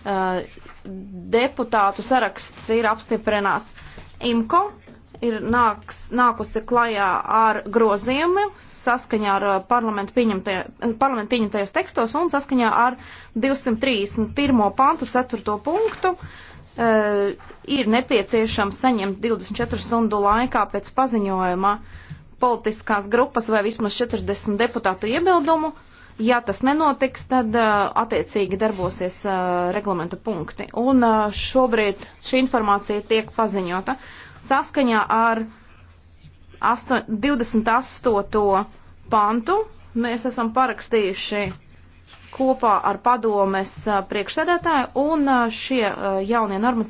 Uh, deputātu saraksts ir apstiprināts. IMKO ir nāks, nākusi klajā ar grozījumu saskaņā ar uh, uh, parlamentu pieņemtajos tekstos un saskaņā ar 231. pantu 4. punktu. Uh, ir nepieciešams saņemt 24 stundu laikā pēc paziņojuma politiskās grupas vai vismaz 40 deputātu iebildumu uh, Ja tas nenotiks, tad uh, attiecīgi darbosies uh, reglamenta punkti. Un uh, šobrīd šī informācija tiek paziņota saskaņā ar 28. pantu. Mēs esam parakstījuši kopā ar padomes priekšsēdētāju un šie jaunie normatīvi.